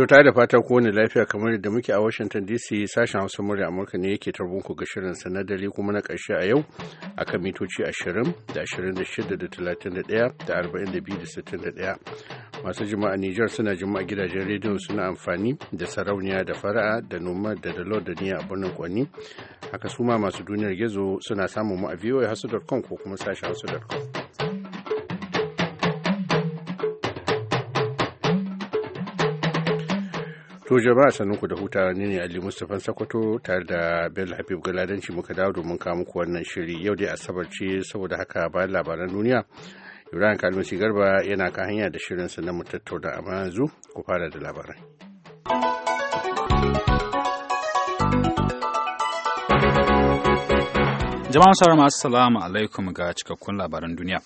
To ta da fatan kowane lafiya kamar yadda muke a Washington DC sashen Hausa murya Amurka ne yake tarbon ku ga shirin sanadari kuma na karshe a yau a kan mitoci 20 da 26 da 31 da 42 da 61. Masu jima'a Nijar suna jima'a gidajen rediyo suna amfani da sarauniya da fara'a da noma da dalo da niya a birnin Kwani. Haka su masu duniyar gizo suna samun mu a voahasu.com ko kuma sashen hausa.com. To jama'a ku da huta ni ne Ali Mustapha Sakwato tare da Bello Habib Galadanci muka dawo domin kawo muku wannan shiri yau dai Asabar ce saboda haka bayan labaran duniya Ibrahim Kalmasi Garba yana kan hanya da sa na mutattau da amma yanzu ku fara da labarai. Jama'a sauran masu salamu alaikum ga cikakkun labaran duniya.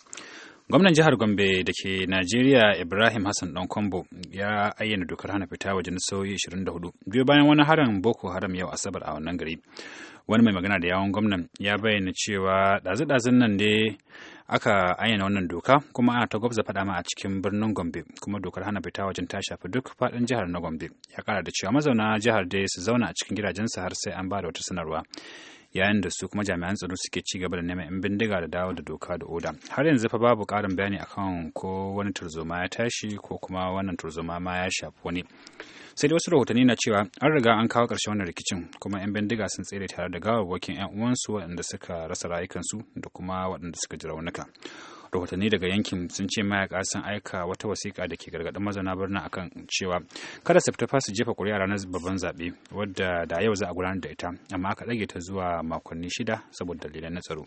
Gwamnan jihar Gombe da ke Najeriya Ibrahim Hassan Kwambo ya ayyana dokar hana fita wajen sauyi 24 biyu bayan wani harin Boko Haram yau Asabar a wannan gari. Wani mai magana da yawon gwamnan ya bayyana cewa ɗazu-ɗazun nan da aka ayyana wannan doka kuma ana ta gwabza faɗa ma a cikin birnin Gombe kuma dokar hana fita wajen ta shafi duk faɗin jihar na Gombe. Ya ƙara da cewa mazauna jihar dai su zauna a cikin gidajensu har sai an ba da wata sanarwa. yayin da su kuma jami'an tsaro suke ci gaba da neman 'yan bindiga da dawo da doka da oda har yanzu fa babu karin bayani akan ko wani turzoma ya tashi ko kuma wannan turzoma ma ya shafi wani sai dai wasu rahotanni na cewa an riga an kawo ƙarshen wannan rikicin kuma 'yan bindiga sun tsere tare da gawarwakin 'yan uwansu waɗanda suka rasa rayukansu da kuma waɗanda suka ji raunuka rahotanni daga yankin sun ce mayaka sun aika wata wasiƙa da ke gargaɗin mazauna birnin akan cewa kada su fita su jefa ƙuri'a ranar babban zaɓe wadda da yau za a gudanar da ita amma aka ɗage ta zuwa makonni shida saboda dalilan na tsaro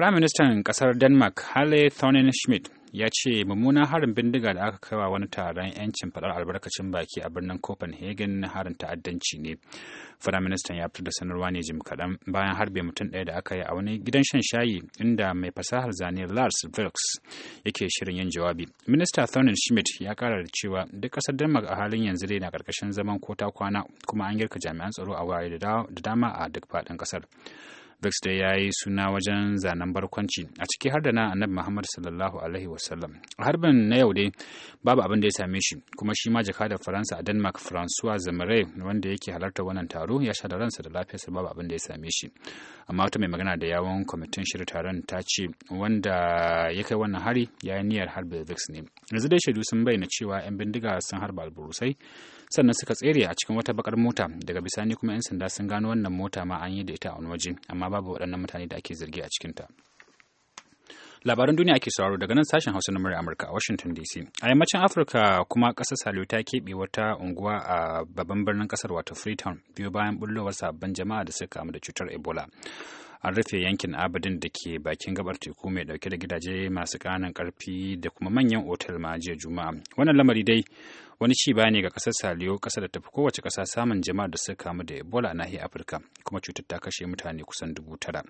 Firaministan ƙasar Denmark Halle Thorne Schmidt ya ce mummunan harin bindiga da aka kai wa wani taron 'yancin faɗar albarkacin baki a birnin Copenhagen na harin ta'addanci ne. Firaministan ya fitar da sanarwa ne jim kaɗan bayan harbe mutum ɗaya da aka yi a wani gidan shan shayi inda mai fasahar zane Lars Vilks yake shirin yin jawabi. Minista Thorne Schmidt ya ƙara da cewa duk ƙasar Denmark a halin yanzu dai na ƙarƙashin zaman kota kwana kuma an girka jami'an tsaro a wurare da dama a duk faɗin ƙasar. Brooks dai ya yi suna wajen zanen barkwanci a ciki har da na annabi Muhammad sallallahu alaihi wasallam. A harbin na yau dai babu abin da ya same shi kuma shi ma jakadar Faransa a Denmark Francois Zemre wanda yake halartar wannan taro ya sha da ransa da lafiyarsa babu abin da ya same shi. Amma wata mai magana da yawon kwamitin shirin taron ta ce wanda ya kai wannan hari ya yi niyyar harbe Brooks ne. Yanzu dai shaidu sun bayyana cewa 'yan bindiga sun harba alburusai sannan suka tsere a cikin wata bakar mota daga bisani kuma 'yan sanda sun gano wannan mota ma an yi da ita a wani waje amma babu waɗannan mutane da ake zargi a cikinta. labaran duniya ake sauraro daga nan sashen hausa na murya amurka a washington dc a yammacin afirka kuma ƙasar salo ta keɓe wata unguwa a babban birnin ƙasar wato freetown biyu bayan bullowar sabbin jama'a da suka kamu da cutar ebola an rufe yankin abadin da ke bakin gabar teku mai dauke da gidaje masu ƙananan karfi da kuma manyan otal ma jiya juma'a wannan lamari dai wani ci bayani ga kasar saliyo kasa da tafi kowace kasa samun jama'ar da suka kamu da ebola a nahiyar afirka kuma cutar ta kashe mutane kusan dubu tara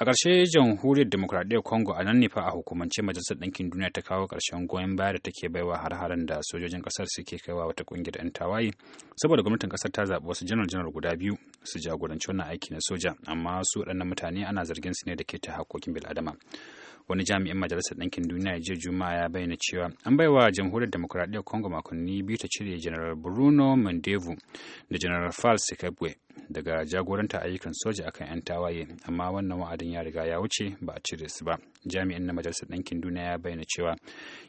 a ƙarshe jamhuriyar demokuraɗiyyar congo a nan fa a hukumance majalisar ɗinkin duniya ta kawo ƙarshen goyon baya da take baiwa har-haren da sojojin ƙasar suke kaiwa wata ƙungiyar 'yan tawaye saboda gwamnatin ƙasar ta zaɓi wasu janar-janar guda biyu su jagoranci wannan aiki na soja amma su waɗannan mutane ana zargin su ne da keta haƙƙoƙin bil'adama wani jami'in majalisar ɗinkin duniya jiya juma'a ya bayyana cewa an baiwa jamhuriyar demokuraɗiyyar congo makonni biyu ta cire Jeneral bruno mandevu da Jeneral fals Kabwe. daga jagoranta ayyukan soja a kan 'yan tawaye amma wannan wa'adin ya riga ya wuce ba a cire su ba jami'in na majalisar ɗankin duniya ya bayyana cewa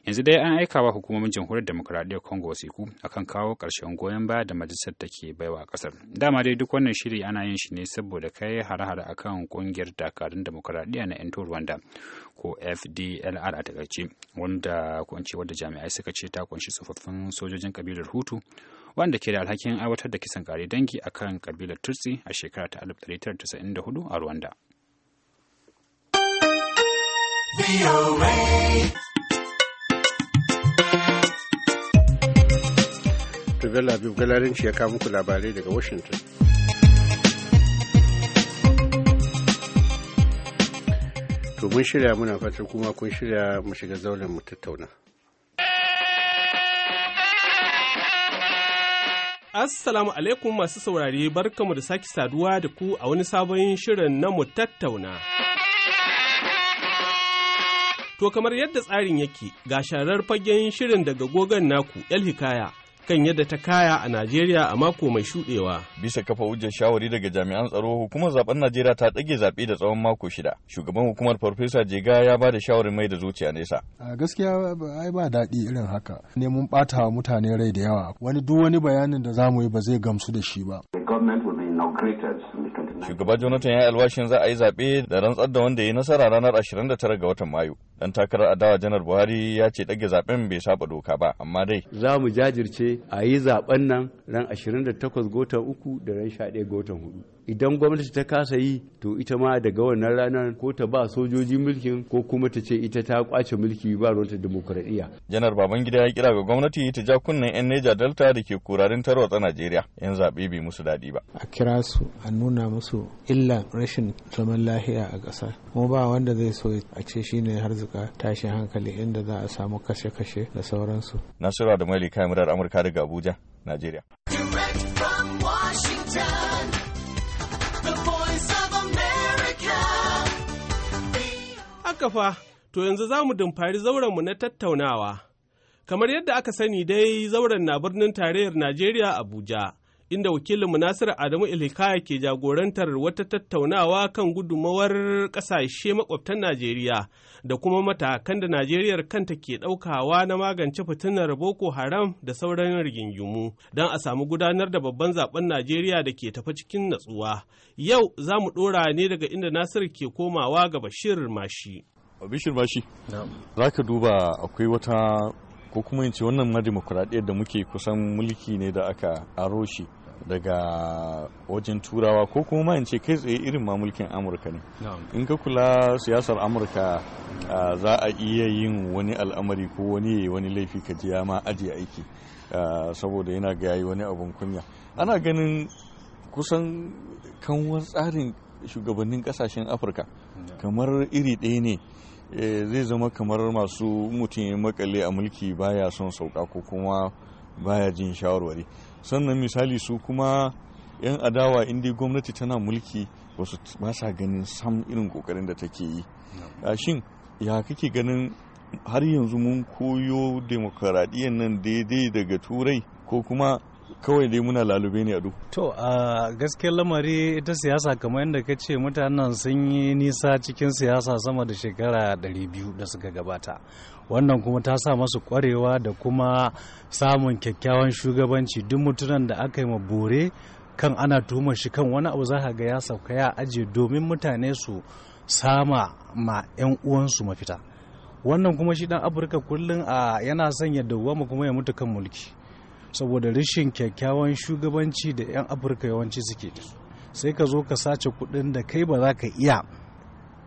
yanzu dai an aika wa hukumomin jamhuriyar demokuraɗiyyar congo wasiku akan kawo ƙarshen goyon baya da majalisar ke baiwa ƙasar dama dai duk wannan shiri ana yin shi ne saboda kai hare-hare kan ƙungiyar dakarun demokuraɗiyya na 'yan rwanda ko fdlr a takaice wanda kuwanci wadda jami'ai suka ce ta kunshi tsofaffin sojojin kabilar hutu wanda ke da alhakin aiwatar da kisan kare dangi a kan kabilar tutsi a shekara ta 1994 a rwanda Tubela Abib Galarinci ya kawo muku labarai daga Washington. To mun shirya muna fatan kuma kun shirya mu shiga zauren mu tattauna. Assalamu alaikum masu saurare barkamu da sake saduwa da ku a wani sabon shirin na mu tattauna. To kamar yadda tsarin yake ga sharar fagen shirin daga gogon naku 'yar Hikaya kan yadda ta kaya a Najeriya a mako mai shuɗewa. Bisa kafa hujjar shawari daga jami'an tsaro hukumar zaben Najeriya ta ɗage zaɓe da tsawon mako shida. Shugaban hukumar Farfesa Jega ya ba da shawarin mai da zuciya nesa. A gaskiya ai ba daɗi irin haka. Ne mun ɓata wa mutane rai da yawa. Wani duk wani bayanin da za mu yi ba zai gamsu da shi ba. The government will be inaugurated in Shugaba Jonathan ya yi alwashin za a yi zaɓe da rantsar da wanda ya yi nasara ranar 29 ga watan Mayu. Dan takarar adawa janar Buhari ya ce ɗage zaɓen bai saba doka ba, amma dai. Za mu jajirce a yi zaɓen nan ran 28 ga watan uku da ran 11 ga watan hudu. Idan gwamnati ta kasa yi to ita ma daga wannan ranar ko ta ba sojoji mulkin ko kuma ta ce ita ta kwace mulki ba ruwanta demokuraɗiyya. Janar Babangida ya kira ga gwamnati ta ja kunnen 'yan Neja Delta da ke kurarin tarwatsa Najeriya. 'Yan zaɓe bai musu daɗi ba. A kira su a nuna musu su illa rashin zaman lahiya a ƙasa kuma ba wanda zai so a ce shine zuka tashin hankali inda za a samu kashe-kashe da sauransu nasura da maili kayan murar amurka daga abuja najeriya haka to yanzu za mu dumfari zaurenmu na tattaunawa kamar yadda aka sani dai zauren na birnin tarayyar najeriya abuja inda wakilin Nasiru Adamu Ilhikaya ke jagorantar wata tattaunawa kan gudumawar ƙasashe makwabtan Najeriya da kuma matakan da Najeriya kanta ke ɗaukawa na magance fitinar Boko Haram da sauran rigingimu don a samu gudanar da babban zaben Najeriya da ke tafi cikin natsuwa. Yau za mu ɗora ne daga inda Nasiru ke komawa ga Bashir Mashi. Bashir Mashi, za ka duba akwai wata ko kuma in ce wannan ma demokuraɗiyar da muke kusan mulki ne da aka aro shi daga wajen turawa ko kuma ma in ce kai tsaye irin ma mulkin amurka ne in ka kula siyasar amurka za a iya yin wani al'amari ko wani wani laifi ka ji ya ma aji aiki saboda yana ga yayi wani abun kunya ana ganin kusan kanwar tsarin shugabannin kasashen afirka kamar iri ɗaya ne Eh, zai zama kamar masu mutum ya makale a mulki baya son sauka ko kuma baya jin shawarwari sannan misali su kuma 'yan adawa inda gwamnati tana mulki wasu ba sa ganin sam irin kokarin da take yi shin ya kake ganin har yanzu mun koyo demokaradiyyar nan daidai daga turai ko kuma kawai dai muna lalube ne a duk. To a gaskiyar lamari ita siyasa kamar yadda ka ce mutanen sun yi nisa cikin siyasa sama da shekara 200 da suka gabata. Wannan kuma ta sa masu kwarewa da kuma samun kyakkyawan shugabanci duk mutunan da aka yi bore kan ana tuma shi kan wani abu za ga ya sauka ya aje domin mutane su sama ma 'yan uwansu mafita. Wannan kuma shi dan Afirka kullum a yana sanya dawwama kuma ya mutu kan mulki. saboda rashin kyakkyawan shugabanci da 'yan afirka yawanci suke da sai ka zo ka sace kuɗin da kai ba za ka iya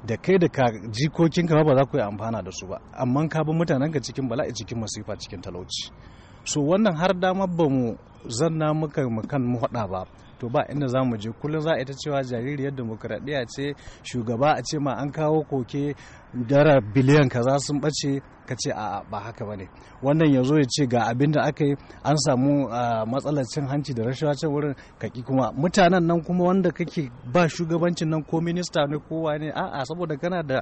da kai da ka jikokinka ba za ku yi amfana da su ba amma ka bi ka cikin bala'i cikin masifa cikin talauci so wannan har dama ba mu zanna muka kan mu hada ba to ba inda za mu je kullum za a ita cewa jaririyar demokuraɗiyya ce shugaba a ce ma an kawo koke dara biliyan kaza sun bace ka ce a ba haka ba ne wannan ya zo ya ce ga abin da aka yi an samu ah, matsalar cin hanci da rashawa ce wurin kaki kuma mutanen nan kuma wanda kake ba shugabancin nan ko minista ne ko wane a'a saboda kana da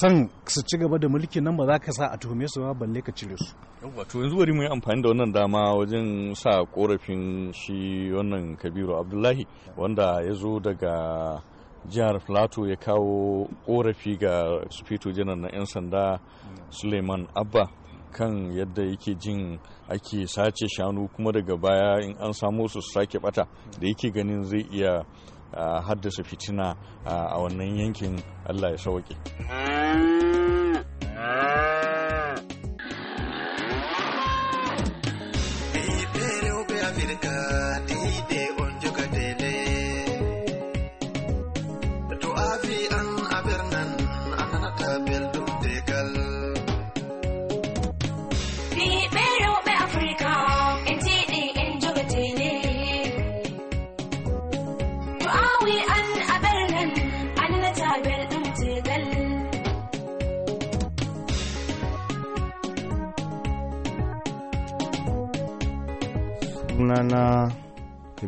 son su ci gaba da mulkin nan ba za ka sa a tuhume su ba balle ka cire su wato yanzu bari mu yi amfani da wannan dama wajen sa korafin shi wannan kabiru abdullahi wanda ya zo daga jihar plateau ya kawo korafi ga sufeto janar na 'yan sanda suleiman abba kan yadda yake jin ake sace shanu kuma daga baya in an samo su sake bata da yake ganin zai iya ah, haddasa fitina ah, a wannan yankin allah ya sauke.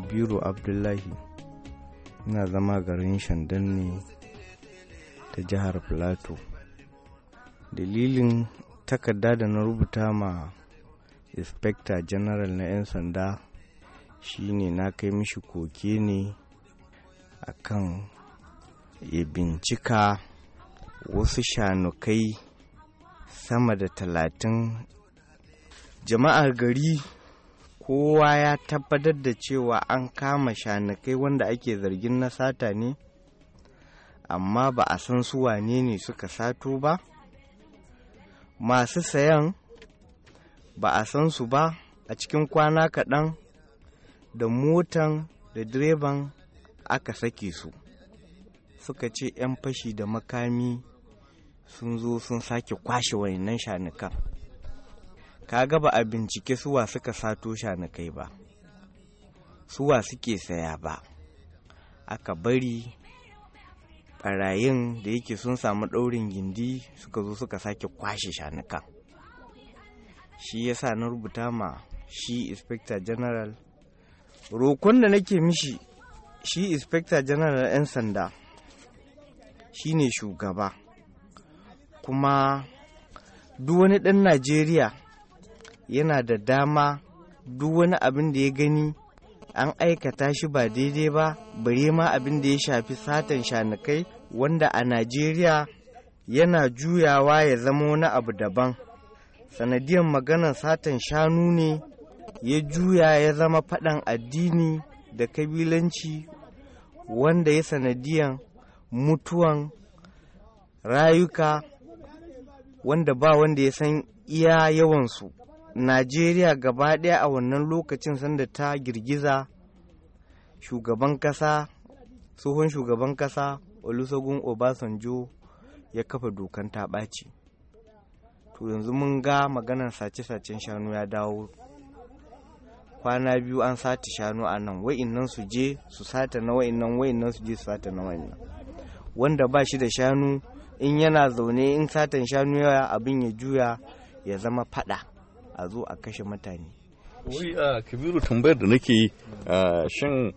kabiru abdullahi ina zama garin shandan ne ta jihar plateau dalilin takarda da na rubuta ma inspector general na 'yan sanda shine na kai mishi koke ne akan ya bincika wasu shanukai sama da talatin jama'ar gari kowa ya tabbatar da cewa an kama shanakai wanda ake zargin na sata ne amma ba a san su wane ne suka sato ba masu sayan ba a san su ba a cikin kwana kaɗan da motan da direban aka sake su suka ce 'yan fashi da makami sun zo sun sake kwashe wayannan shanukan Ka ga ba a bincike suwa suka sato kai ba suwa suke saya ba aka bari ɓarayin da yake sun samu ɗaurin gindi suka zo suka sake kwashe shanukan shi ya sa na rubuta ma shi inspector general rokon da nake mishi shi inspector general 'yan sanda shi ne shugaba kuma duk wani ɗan najeriya yana da dama duk wani abin da ya gani an aikata shi ba daidai ba bare ma abin da ya shafi satan shanukai wanda a najeriya yana juyawa ya zama wani abu daban sanadiyar maganar satan shanu ne ya juya ya zama faɗan addini da kabilanci wanda ya sanadiyan mutuwan rayuka wanda ba wanda ya san iya yawansu najeriya gaba ɗaya a wannan lokacin sanda ta girgiza shugaban kasa tsohon shugaban kasa olusegun obasanjo ya kafa dokan ta ɓaci to yanzu mun ga maganar sace-sacen shanu ya dawo kwana biyu an sati shanu a nan wa'innan su je su sata na wa'innan wa'innan su je su sata na wa'innan wanda ba shi da shanu in yana zaune in satan shanu yawa abin ya juya ya zama fada a zo a kashe mutane wai a kabiru tambayar da nake yi shin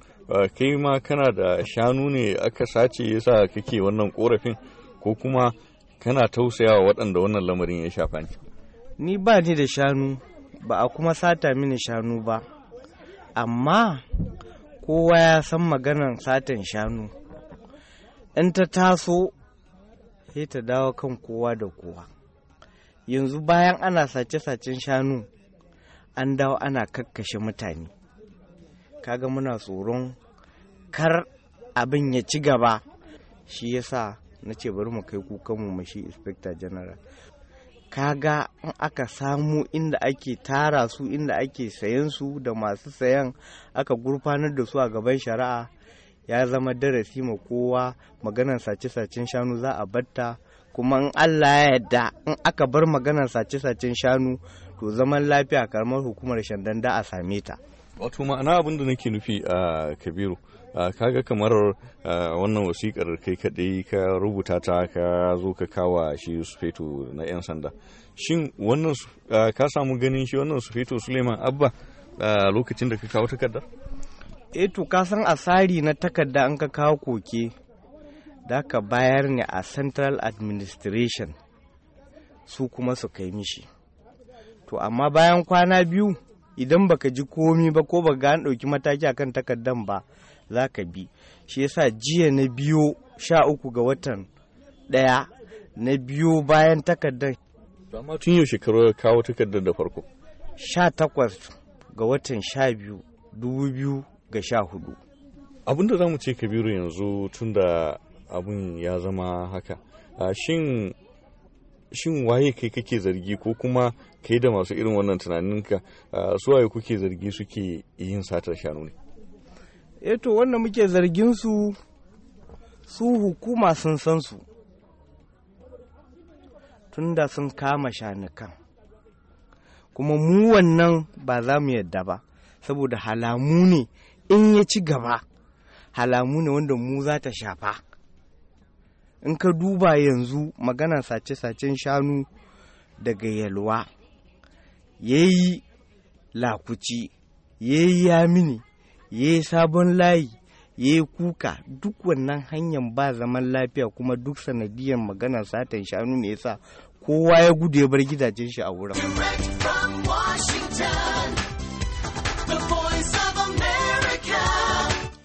kai ma kana da shanu ne aka sace yasa kake wannan korafin ko kuma kana tausayawa waɗanda wannan lamarin ya shafa ni ni ba ni da shanu ba a kuma sata mini shanu ba amma kowa ya san maganar satan shanu in ta taso sai ta dawo kan kowa da kowa yanzu bayan ana sace-sacen shanu an dawo ana kakkashe mutane kaga muna tsoron kar abin ya ci gaba shi yasa na ce bari mu kai kukanmu mashi inspector general kaga in aka samu inda ake tara su inda ake sayan su da masu sayan aka gurfanar da su a gaban shari'a ya zama darasi ma kowa maganar sace-sacen shanu za a batta kuma in Allah ya yarda in aka bar maganar sace-sacen shanu to zaman lafiya karamar hukumar shandanda a same ta. Wato ma'ana abin da nake nufi a Kabiru. kaga kamar wannan wasikar kai kaɗai ka rubuta ta ka zo ka kawa shi sufeto na 'yan sanda shin wannan ka samu ganin shi wannan sufeto suleiman abba lokacin da ka kawo takardar? eh to ka san asari na takarda an ka kawo koke da ka bayar ne a central administration su kuma su kai mishi to amma bayan kwana biyu idan baka ji komi ba ko baka gane ɗauki mataki akan takardar ba za ka bi shi yasa jiya na biyo sha uku ga watan ɗaya na biyo bayan to amma tun yau shekaru kawo takardar da farko sha takwas ga watan sha biyu dubu biyu ga sha hudu abinda za mu ce kabiru yanzu tun da abin ya zama haka shin waye kai kake zargi ko kuma kai da masu irin wannan tunaninka su waye kuke zargi suke yin satar shanu ne E, to wanda muke zargin su su hukuma sun san su tun da sun kama shanukan kuma mu wannan ba za mu yadda ba saboda halamu ne in ya ci gaba halamu ne wanda mu za ta shafa in ka duba yanzu magana sace-sacen shanu daga yalwa ya yi lakuci ya yi yamini ya yi sabon layi ya yi kuka duk wannan hanyar ba zaman lafiya kuma duk sanadiyar magana satan shanu ne yasa kowa ya gudu ya bar gidajen shi a wurin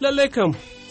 lallai kam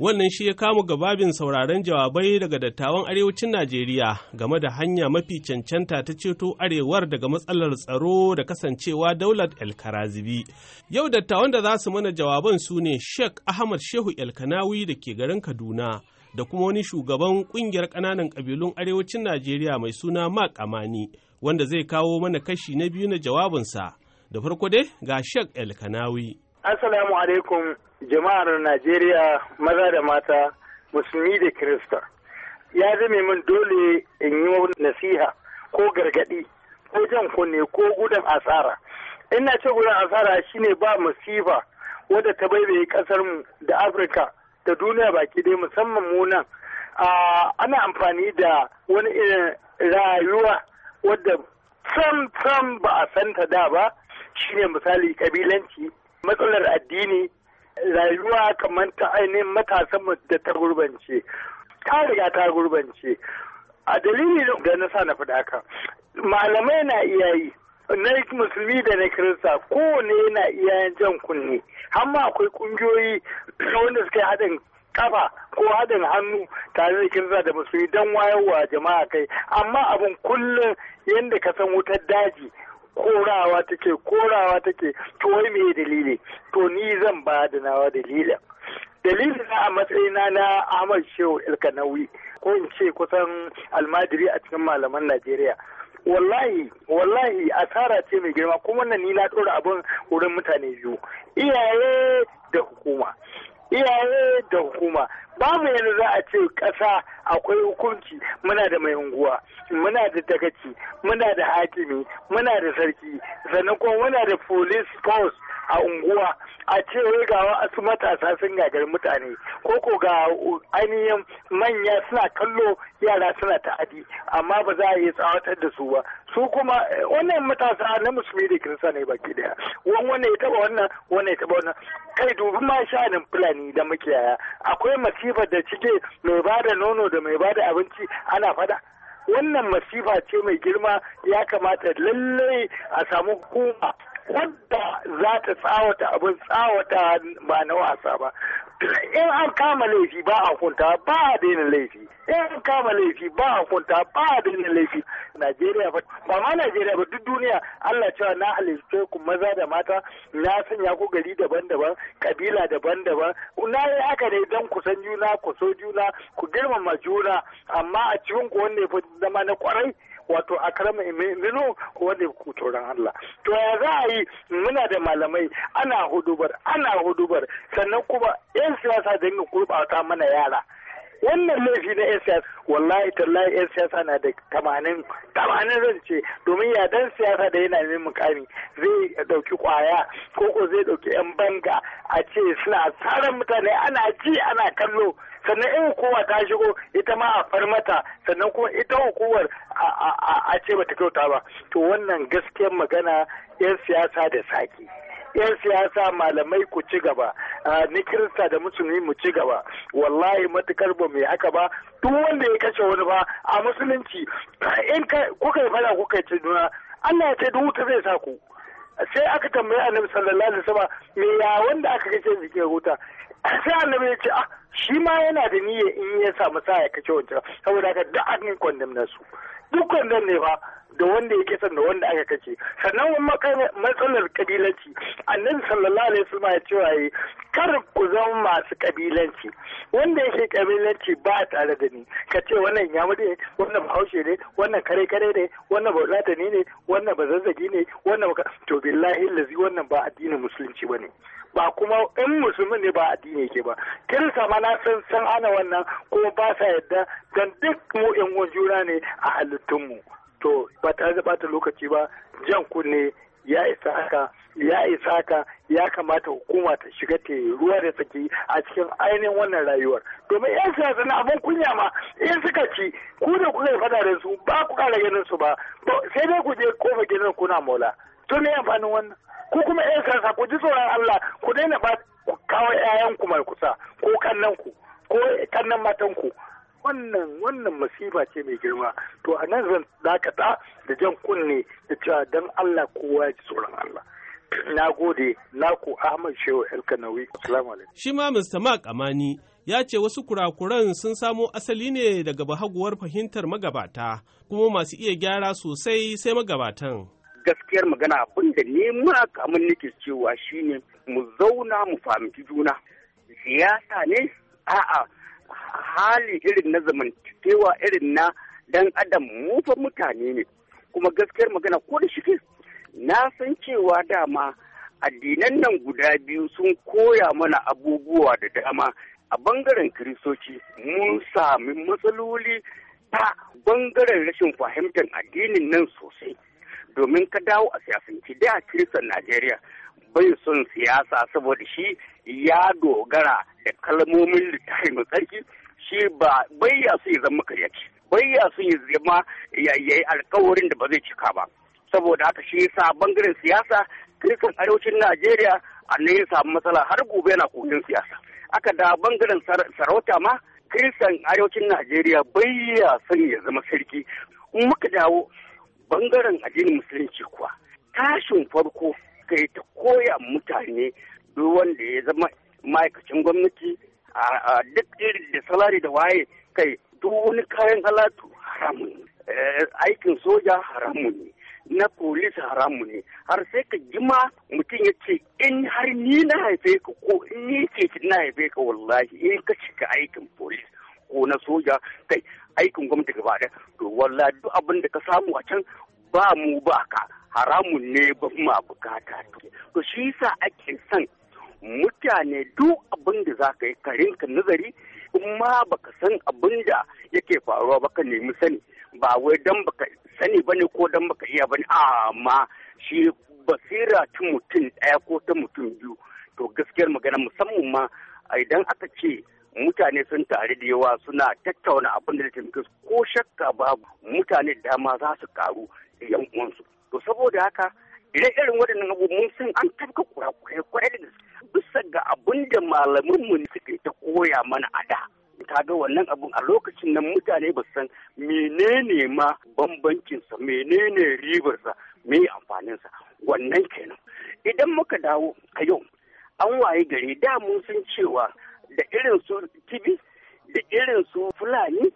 wannan shi ya kamu gababin sauraron jawabai daga dattawan arewacin najeriya game da hanya mafi cancanta ta ceto arewar daga matsalar tsaro da kasancewa daular elkarazibi yau dattawan da za su mana jawaban su ne sheikh ahmad shehu elkanawi da ke garin kaduna da kuma wani shugaban kungiyar ƙananan ƙabilun arewacin najeriya mai suna mark amani wanda zai kawo mana kashi na biyu na jawabinsa da farko dai ga sheikh elkanawi assalamu alaikum jama'ar Najeriya maza da mata musulmi da kirista. Ya zame min dole in yi nasiha ko gargaɗi ko jan kunne ko gudan asara. Ina ce gudan asara shine ba masifa wadda ta baibaye mu da Afirka da duniya baki dai musamman mu nan. Ana amfani da wani irin rayuwa wadda sam sam ba a santa da ba shine misali kabilanci matsalar addini rayuwa kamar ta ainihin matasan da ta gurbance ta riga ta gurbance a dalili da na sa na fi haka malamai na iyayi na musulmi da na kirista kowane yana iyayen jan kunne amma akwai kungiyoyi wanda suka haɗin kafa ko haɗin hannu tare da kirista da musulmi don wayarwa jama'a kai amma abin kullum yadda ka san wutar daji korawa take korawa take to wai me dalili to ni zan ba da nawa dalilin dalilin na a matsayina na Ahmad Shehu Elkanawi ko in ce kusan almadiri a cikin malaman Najeriya wallahi wallahi asara ce mai girma kuma nan ni na ɗora abin wurin mutane biyu iyaye da hukuma iyaye da hukuma babu yadda za a ce ƙasa akwai hukunci muna da mai unguwa muna da dagaci muna da hakimi muna da sarki sannan kuma muna da police force a unguwa a ce wai ga wasu matasa sun gagar mutane ko ko ga ainihin manya suna kallo yara suna ta'adi amma ba za a yi tsawatar da su ba su kuma eh, wannan matasa na musulmi da kirista ne baki daya wannan ya taba wannan wannan ya taba wannan kai dubi ma shanin fulani da makiyaya akwai masifar da cike mai bada nono da mai bada abinci ana fada wannan masifa ce mai girma ya kamata lallai a samu hukuma wadda za ta tsawata abin tsawata ba na wasa ba in an kama laifi ba a kunta ba a daina laifi in an kama laifi ba a kunta ba a daina laifi Najeriya ba ba ma Najeriya ba duk duniya Allah cewa na halittu ku maza da mata na sanya ku gari daban-daban kabila daban-daban na yi haka ne don ku san juna ku so juna ku girmama juna amma a cikin ku wanda ya fi zama na kwarai wato karama minu wanda ku tsoron Allah to ya za a yi muna da malamai ana hudubar ana hudubar sannan kuma yan siyasa dinga gurbata mana yara wannan laifi na yan siyasa wallahi tallahi yan siyasa na da tamanin tamanin domin ya dan siyasa da yana neman mukami zai dauki kwaya ko ko zai dauki yan banga a ce suna tsaron mutane ana ji ana kallo sannan in hukuma ta shigo ita ma a far mata sannan kuma ita hukumar a ce bata kyauta ba to wannan gaskiyar magana yan siyasa da saki yan siyasa malamai ku ci gaba ni kirista da musulmi mu ci gaba wallahi matukar ba mai haka ba duk wanda ya kashe wani ba a musulunci in kuka yi fada kuka ci juna Allah ya ce duk wuta zai sa ku sai aka tambayi annabi sallallahu alaihi wasallam me ya wanda aka kace zike wuta sai annabi ya ce ah shi ma yana da niyya in ya samu sa ya kace wancan saboda haka duk an condemn nasu duk condemn ne fa da wanda ya kisan da wanda aka kace sannan wani matsalar kabilanci annabi sallallahu alaihi wasallam ya ce waye kar ku zama masu kabilanci wanda yake kabilanci ba tare da ni ka ce wannan ya ne wannan haushe ne wannan kare kare ne wannan baulatani ne wannan bazazzagi ne wannan to billahi lazi wannan ba addinin musulunci bane ba kuma in musulmi ne ba addini ke ba kirsa ma na san san ana wannan kuma ba sa yadda dan duk mu yan juna ne a halittunmu to ba tare da bata lokaci ba jan kunne ya isa haka ya isa haka ya kamata hukuma ta shiga ta ruwa da tsaki a cikin ainihin wannan rayuwar domin yan siyasa na abin kunya ma in suka ci ku da kuka fada da su ba ku kara ganin su ba sai dai ku je kofa ginin kuna mola to me amfanin wannan ku kuma yan siyasa ku ji tsoron Allah ku daina ba kawo 'ya'yanku mai kusa ko kannan ku ko kannan matan ku wannan wannan masifa ce mai girma to a nan zan dakata da jan kunne da cewa dan Allah kowa ya ji tsoron Allah na gode na ku Ahmad Shehu Elkanawi assalamu alaikum shi ma Mr Mark Amani ya ce wasu kurakuran sun samo asali ne daga bahaguwar fahimtar magabata kuma masu iya gyara sosai sai magabatan gaskiyar magana abin da nema kamun nake cewa shine mu zauna mu fahimci juna siyasa ne a'a hali irin na zamantakewa irin na dan adam mu fa mutane ne kuma gaskiyar magana ko da shike na san cewa dama addinan nan guda biyu sun koya mana abubuwa da dama a bangaren kiristoci mun sami matsaloli ta bangaren rashin fahimtar addinin nan sosai domin ka dawo a siyasance da a kiristan najeriya bai son siyasa saboda shi ya dogara da kalmomin littafi tsarki shi ba bayya sun ya zama karyaci bayya su ya zama ya alkawarin da ba zai cika ba saboda haka shi yasa bangaren siyasa kristan arewacin najeriya a ne ya samu matsala har gobe yana kogin siyasa aka da bangaren sarauta ma kristan arewacin najeriya bayya son ya zama sarki in muka dawo bangaren addinin musulunci kuwa tashin farko kai ta koya mutane duk wanda ya zama ma'aikacin gwamnati duk irin da salari da waye kai duk wani kayan halatu haramun ne eh, aikin soja haramu ne na polis haramu ne har sai ka jima mutum ya ce in har ni na haife ka ko ni ce na haife ka wallahi in ka shiga aikin polis ko na soja kai aikin gwamnati gaba da to wallahi duk abin da ka samu a can ba mu ba ka haramun ne ba ma bukata to shi yasa ake san mutane duk abin da za ka yi ka nazari in ma ka san abin da yake faruwa ba ka nemi sani ba wai dan baka sani ba ne, ko ba baka iya bane amma shi basira ta mutum ɗaya ko ta mutum biyu to gaskiyar magana musamman ma idan aka ce mutane sun tare da yawa suna tattauna abin da ta ko shakka babu mutane dama za su karu da yan uwansu to saboda haka ire irin waɗannan abu mun san an tafka kurakurai kwarai da gaske bisa ga abin da ne suke ta koya mana a da ga wannan abun a lokacin nan mutane ba san menene ma bambancinsa menene ribarsa me amfaninsa wannan kenan idan muka dawo a yau an waye gari da mun san cewa da irin su tibi da irin su fulani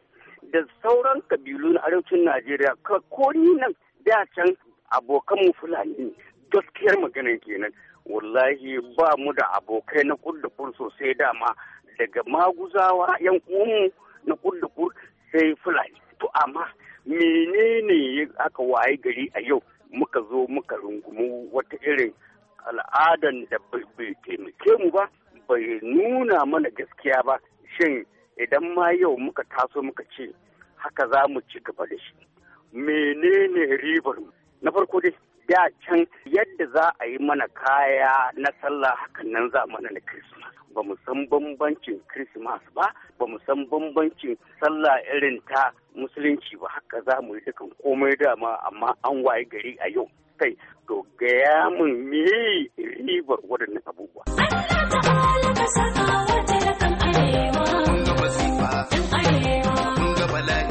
da sauran kabilu na arewacin najeriya ka kori nan da can abokanmu fulani gaskiyar magana kenan wallahi ba mu da abokai na kur kur sosai dama daga maguzawa yan uwanmu na kur kur sai fulani to amma menene aka waye gari a yau muka zo muka rungumu wata irin al'adan da bai taimake mu ba bai nuna mana gaskiya ba shin idan ma yau muka taso muka ce haka za mu ci gaba da shi menene ribar mu na farko dai da can yadda za a yi mana kaya na sallah hakan nan za mana na Christmas. Ba mu san bambancin Christmas ba, ba mu san bambancin sallah irin ta musulunci ba haka za mu yi dukan komai dama amma an waye gari a yau. Kai, to gaya mun me ribar waɗannan abubuwa. Allah ta arewa.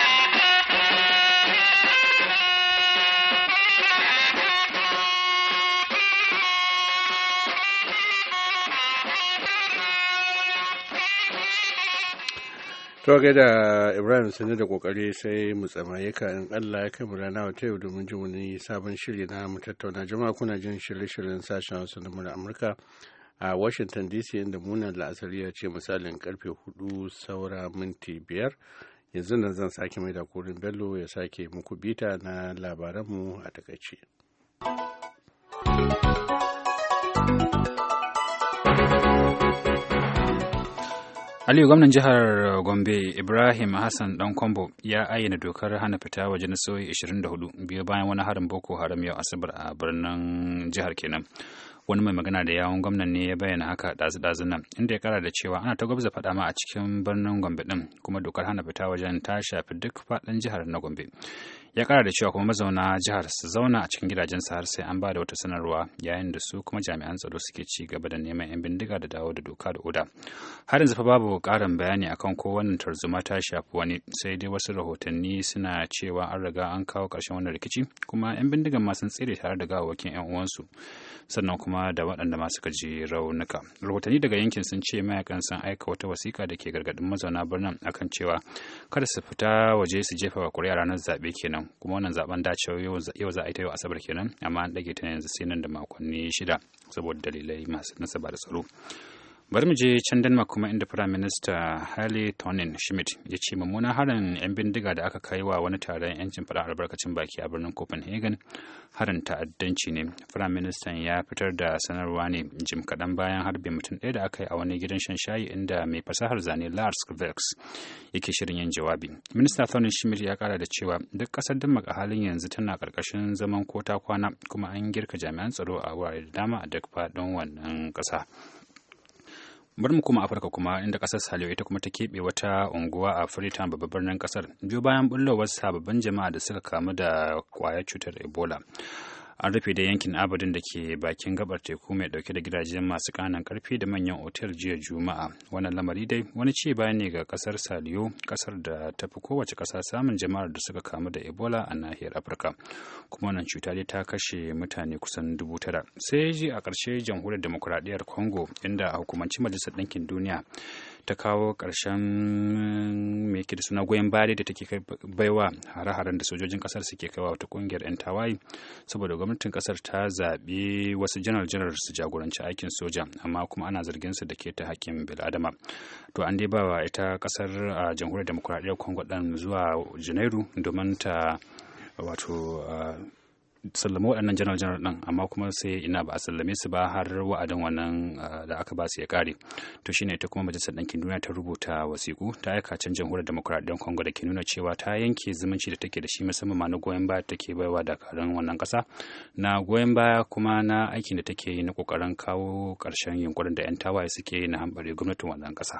to ga ibrahim sani da kokari sai mu tsamaye ka in allah ya kai mu rana wata yau domin jin wani sabon shiri na mu tattauna jama'a kuna jin shirye-shiryen sashen hausa na amurka a washington dc inda munan la'asari ya ce misalin karfe hudu saura minti biyar yanzu nan zan sake mai da kurin bello ya sake muku bita na labaran mu a takaice. Aliyu gwamnan jihar Gombe Ibrahim Hassan Dan Kwambo ya ayyana dokar hana fita waje na tsoyi 24 biyu bayan wani harin Boko Haram yau Asabar a birnin jihar kenan. Wani mai magana da yawon gwamnan ne ya bayyana haka ɗazu-ɗazun nan inda ya kara da cewa ana ta gwabza faɗa ma a cikin birnin Gombe ɗin kuma dokar hana fita wajen ta shafi duk faɗin jihar na Gombe. ya kara da cewa kuma mazauna jihar su zauna a cikin gidajensu har sai an ba da wata sanarwa yayin da su kuma jami'an tsaro suke ci gaba da neman 'yan bindiga da dawo da doka da oda har yanzu fa babu karin bayani akan ko wannan tarzoma ta shafi wani sai dai wasu rahotanni suna cewa an riga an kawo ƙarshen wannan rikici kuma 'yan bindigan ma sun tsere tare da gawawakin 'yan uwansu sannan kuma da waɗanda ma suka ji raunuka rahotanni daga yankin sun ce mayakan sun aika wata wasiƙa da ke gargaɗin mazauna birnin akan cewa kada su fita waje su jefa wa kuri'a ranar zaɓe kenan kuma wannan zaɓen dacewa yau za a yi ta yau asabar kenan amma an ɗage ta yanzu sai nan da makonni shida saboda dalilai masu nasaba da tsaro bari mu je can denmark kuma inda prime minister hale tonin schmidt ya ce mummunan harin 'yan bindiga da aka kai wa wani taron 'yancin faɗa albarkacin baki a birnin copenhagen harin ta'addanci ne prime minister ya fitar da sanarwa ne jim kaɗan bayan harbin mutum ɗaya da aka yi a wani gidan shan shayi inda mai fasahar zane lars vex yake shirin yin jawabi minista tonin schmidt ya kara da cewa duk ƙasar denmark a halin yanzu tana ƙarƙashin zaman ko ta kwana kuma an girka jami'an tsaro a wurare da dama a duk faɗin wannan ƙasa. bari mu kuma afirka kuma inda kasar saliyo ita kuma ta keɓe wata unguwa a freetown babban birnin kasar biyo bayan bullowar sababbin jama'a da suka kamu da kwayar cutar ebola an rufe da yankin abadin da ke bakin gabar teku mai dauke da gidajen masu kanan karfi da manyan otel jiya juma'a wannan lamari dai wani ci baya ne ga kasar saliyo kasar da ta fi kowace kasa samun jama'ar da suka kamu da ebola a nahiyar afirka kuma wannan cuta dai ta kashe mutane kusan dubu tara sai ji a ƙarshe jamhuriyar demokuraɗiyyar congo inda a hukumanci majalisar ɗinkin duniya ta kawo ƙarshen mai ke da suna goyon baya da take baiwa hare-haren da sojojin ƙasar suke kaiwa wata ƙungiyar 'yan tawaye saboda gwamnatin ƙasar ta zaɓi wasu janar janar su jagoranci aikin soja amma kuma ana zargin su da ke ta hakkin bil'adama to an dai wa ita kasar a jamhuriyar demokuraɗiyyar kongo ɗan zuwa janairu domin ta wato sallama waɗannan janar janar ɗin amma kuma sai ina ba a sallame su ba har wa'adin wannan eh, da aka ba su ya kare to shine ita kuma majalisar ɗinkin duniya ta rubuta wasiku ta aika can jamhuriyar demokuraɗiyyar congo da ke nuna cewa ta yanke zumunci da take da shi musamman ma na goyon baya take baiwa dakarun wannan ƙasa na goyon baya kuma na aikin da take yi na ƙoƙarin kawo ƙarshen yunkurin da 'yan tawaye suke yi na hanɓare gwamnatin wannan ƙasa.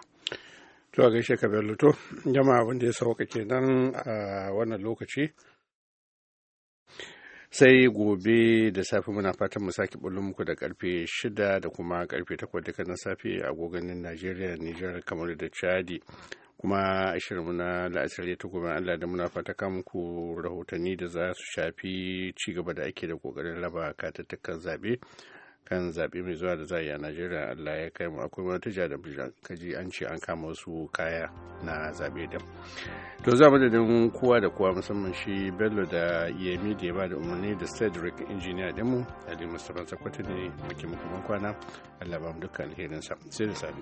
to a gaishe ka bello to jama'a abin ya sauka kenan a eh, wannan lokaci sai gobe da safe muna fatan mu sake bullo muku da karfe shida da kuma karfe takwas duka na safe a goganin najeriya nijar kamar da chadi kuma ashirin muna la'asari ta gobe allah da muna fata kan ku rahotanni da za su shafi ci gaba da ake da kokarin raba katattakan zabe. kan zaɓe mai zuwa da za a yi a najeriya allah ya kai mu akwai wani tija da kaji an ce an kama wasu kaya na zaɓe din to za madadin kowa da kowa musamman shi bello da yemi da ya ba da umarni da cedric injiniya mu ali mustapha sakwata ne muke muku kwana allah ba mu dukkan alherinsa sai da sabi.